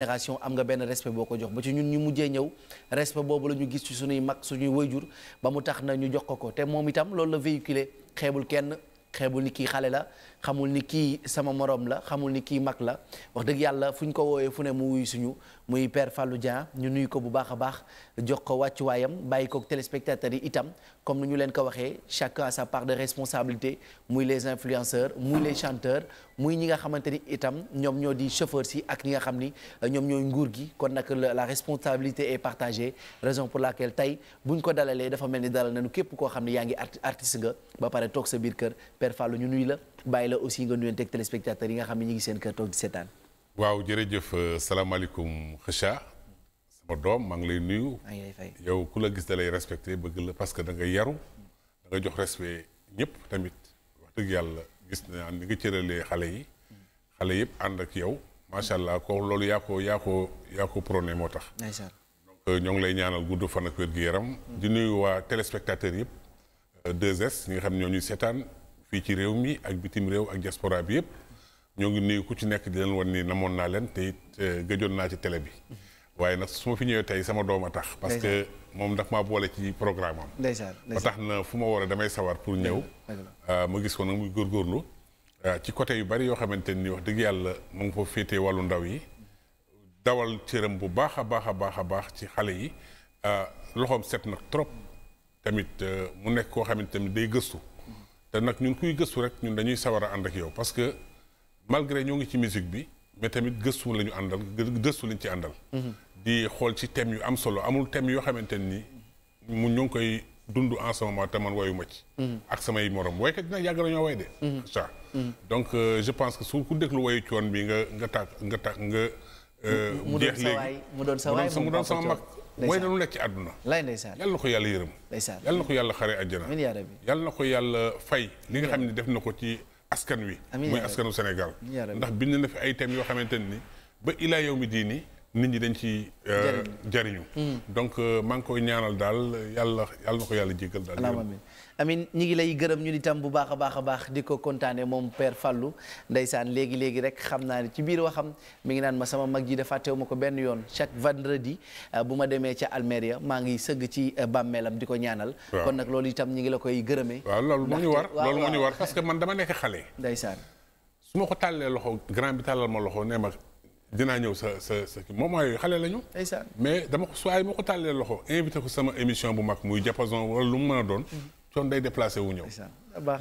génération am nga benn respect boo ko jox ba ci ñun ñu mujjee ñëw respect boobu la ñu gis ci suñuy mag suñuy jur ba mu tax na ñu jox ko ko te moom itam loolu la véhiculé xeebul kenn xeebul ni kii xale la xamul ni kii sama morom la xamul ni kii mag la wax dëgg yàlla fu ñu ko woowee fu ne mu wuy suñu muy père Fallou Dieng ñu nuyu ko bu baax a baax jox ko waayam bàyyi ko téléspectateurs yi itam comme ni ñu leen ko waxee chaque a sa part de responsabilité muy les influenceurs muy les chanteurs muy ñi nga xamante ni itam ñoom ñoo di chauffeurs si ak ñi nga xam ni ñoom ñooy nguur gi kon nag la responsabilité est partagée raison pour laquelle bu ñu ko dalalee dafa mel ni dalal nañu képp koo xam ne yaa ngi artiste nga ba pare toog sa biir kër père Fallou ñu bàyyi la aussi nga nuyonteeg téléspectateurs yi nga xam ne ñu ngi seen kër toog di seetaan. waaw jërëjëf euh, salaamaaleykum Kheucha. sama doom maa ngi lay nuyu. maa yow ku la gis da lay respecté bëgg la parce que da nga yaru. da nga jox respect ñëpp tamit wax dëgg yàlla gis naa ni nga cëralee xale yi. xale yëpp ànd ak yow. macha allah ko loolu yaa ko yaa ko yaa ko prôné moo tax. donc euh, ñoo ngi lay ñaanal gudd fan ak wér gu yaram. di nuyu waa téléspectateur yëpp. 2S euh, ñi nga xam ne ñoo ñuy seetaan fii ci réew mi ak bitim réew ak diaspora bi yëpp ñoo ngi nuyu ku ci nekk di leen wan nii namoon naa leen te euh, gëjoon naa ci télé bi waaye nag su ma fi ñëwee tey sama doom a tax parce que moom daf maa boole ci programme am ba tax na fu ma war a damay sawar pour ñëw euh, ma gis ko nag muy góorgóorlu euh, ci côté yu bari yoo xamante ni wax dëgg yàlla mu ngi fa féete wàllu ndaw yi dawal cëram bu baax a baax a baax a baax ci xale yi loxoom set nag trop tamit mu nekk koo xamante ni day gëstu te nag ñun kuy gëstu rek ñun dañuy sawar a ànd ak yow parce que malgré ñoo ngi ci musique bi mais tamit gëstu la ñu àndal gëstu lañ ci àndal. Mm-hmm. di xool ci thèmes yu am solo amul thèmes yoo xamante nii mu ñoo ngi koy dund en ce te man woyu ma ci. Mm-hmm. ak samay morom woykat nag yàgg nañoo woy de. Mm-hmm. ça donc euh, je pense que su ku déglu woyu coon bi nga nga tàkk nga tàkk nga. Euh, mu doon sa mu doon sa waay mu doon sama mag. na nanu nekk ci àdduna lay ndeysaan yàlla na ko yàlla yërëm ndeysaan yàlla na ko yàlla xare àjjana amiin yaa rabbi yàlla na ko yàlla fay li nga xam ne def na ko ci askan wi mooy askanu Sénégal ndax bind na fi ay thèmes yoo xamante ni ba ilaa yow mi diini nit ñi dañ ci euh, jariñu hmm. donc euh, maa ngi koy ñaanal daal yàlla yàlla na ko yàlla jégal daal amiin amin ñi ngi lay gërëm ñu itam bu baax a baax a baax di ko kontaane moom per Fallou ndeysaan léegi-léegi rek xam naa ne ci biir waxam mu ngi naan ma sama mag ji dafa teew ma ko benn yoon chaque vendredi euh, bu ma demee ca Almeria maa ngi sëgg ci bàmmeelam di ko ñaanal kon nag loolu itam ñu ngi la koy gërëmee waaw loolu moo ñu war loolu parce que man dama nekk xale ndeysaan su ma ko tàllee loxo grand bi tàllal ma loxo nee ma dinaa ñëw sa sa sa moment yooyu xale lañu. mais dama ko su ay ma ko tàllee loxo invité ko sama émission bu mag muy diapason wala lu mu mën a doon. Mm-hmm. coon day déplacé wu ñëw.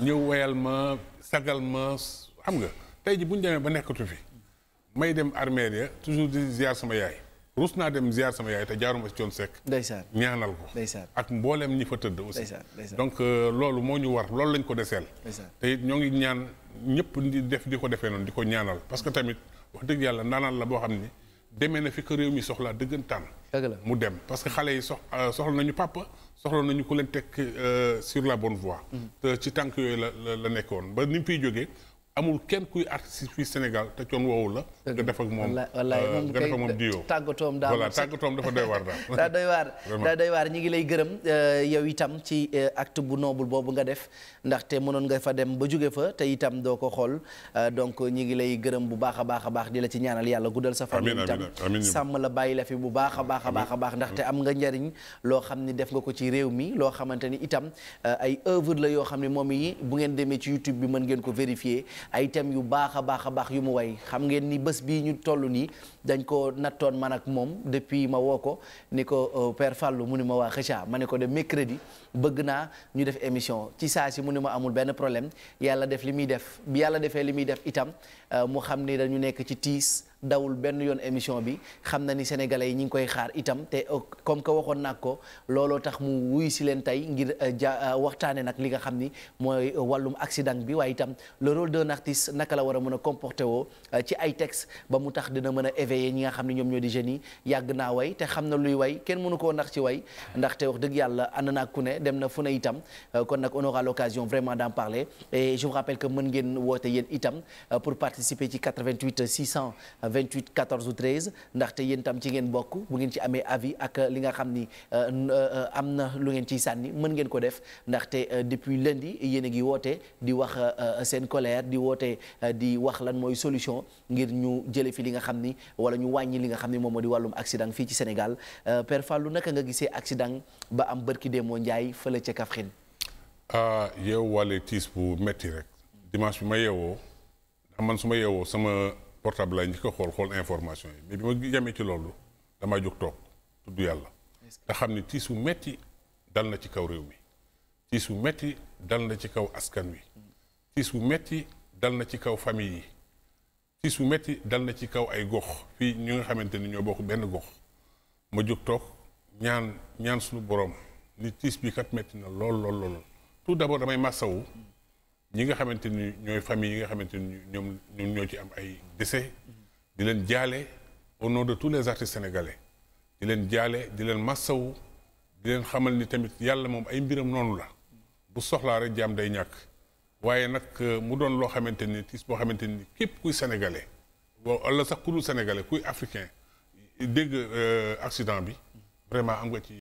ñëw woyal ma sagal ma xam nga tey ji bu ñu demee ba nekkatu fi. may dem armée ya toujours di ziar sama yaay. rus naa dem ziar sama yaay te jaaruma si coon sekk. ndeysaan ñaanal ko. ndeysaan ak mbooleem ñi fa tëdd aussi. donc euh, loolu moo ñu war loolu lañ ko deseel. te ñoo ngi ñaan ñëpp di def di ko defee noonu di ko ñaanal parce que tamit. wax dëgg yàlla ndaanaan la boo xam ni demee na fi ko réew mi soxlaa dëggantaan. la mu dem parce que xale yi sox euh, soxla nañu papa soxla nañu ku leen teg euh, sur la bonne voie. Mm-hmm. te ci tànk yooyu la la nekkoon ba ni mu fiy jógee amul kenn kuy artiste fii Sénégal te coon woowu la. nga def moom wallaay euh, moom nga def ak moom diwo tàggatoom daal voilà tàggatoom dafa doy waar daal. daa doy waar daa ñi ngi lay gërëm euh, yow itam ci euh, act bu noble boobu nga def ndaxte mënoon nga fa dem ba jóge fa te itam doo ko xool donc ñi ngi lay gërëm bu baax a baax a baax di la ci ñaanal yàlla guddal sa fan. amiin itam sàmm la bàyyi la fi bu baaxa a baax a baax a ndaxte am nga njariñ loo xam ni def nga ko ci réew mi loo xamante ni itam ay œuvre la yoo xam ne moom yi bu ngeen demee ci YouTube bi mën ngeen ko vérifier ay thèmes yu baax a baax a baax yu mu way xam ngeen ni bés bii ñu toll nii dañ ko nattoon man ak moom depuis ma woo ko ni ko euh, Père Fallou mu ni ma waa Kheucha ma ne ko de mercredi bëgg naa ñu def émission ci saa si mu ni ma amul benn problème yàlla def li muy def yàlla defee li muy def itam euh, mu xam ni dañu nekk ci tiis dawul benn yoon émission bi xam na ni sénégalais yi ñu ngi koy xaar itam te euh, comme que waxoon naa ko looloo tax mu wuy si leen tey ngir euh, ja euh, waxtaane nag li nga xam ni mooy wàllum accident bi waaye itam le rôle d'un naka la war a mën a comporté woo ci ay text ba mu tax dina mën a éveiller ñi nga xam ne ñoom ñoo di jeunes yi yàgg naa way te xam na luy way kenn mënu koo ndax ci way ndaxte wax dëgg yàlla ànd naa ku ne dem na fu ne itam kon nag on aura l'occasion vraiment d'en parler et mën ngeen woote yéen itam pour participer ci 88 600 28 14 ou 13 ndaxte yéen tam ci ngeen bokk bu ngeen ci amee avis ak li nga xam ni euh, euh, am na lu ngeen ciy sànni mën ngeen ko def ndaxte euh, depuis lundi yéen a ngi woote di wax seen colère di woote di wax lan mooy solution ngir ñu jële fi li nga xam ni wala ñu wàññi li nga xam ni moom moo di wàllum accident fii ci Sénégal Père Fallou naka nga gisee accident ba am bërki demoo Ndiaye fële ca Kaffrine. ah yow wàllu tiis bu metti rek dimanche bi ma sama. portable laa njëkk xool xool information yi mais bi ma jamee ci loolu damaa jóg toog tudd yàlla te xam ne tiis wu metti dal na ci kaw réew mi tiis wu metti dal na ci kaw askan wi tiis wu metti dal na ci kaw famille yi tiis wu metti dal na ci kaw ay gox fii ñu nga xamante ni ñoo bokk benn gox ma jóg toog ñaan ñaan suñu borom ni tiis bi kat metti na lool lool lool tout d'abord damay màssawu ñi nga xamante ni ñooy famille yi nga xamante ni ñoom ñoom ñoo ci am ay dese di leen jaale au nom de tous les artistes sénégalais di leen jaale di leen massawu di leen xamal ni tamit yàlla moom ay mbiram noonu la bu soxlaa rek jaam day ñàkk waaye nag euh, mu doon loo xamante ni tiis boo xamante ni képp kuy sénégalais wala sax ku dul sénégalais kuy africain dégg euh, accident bi vraiment am nga ci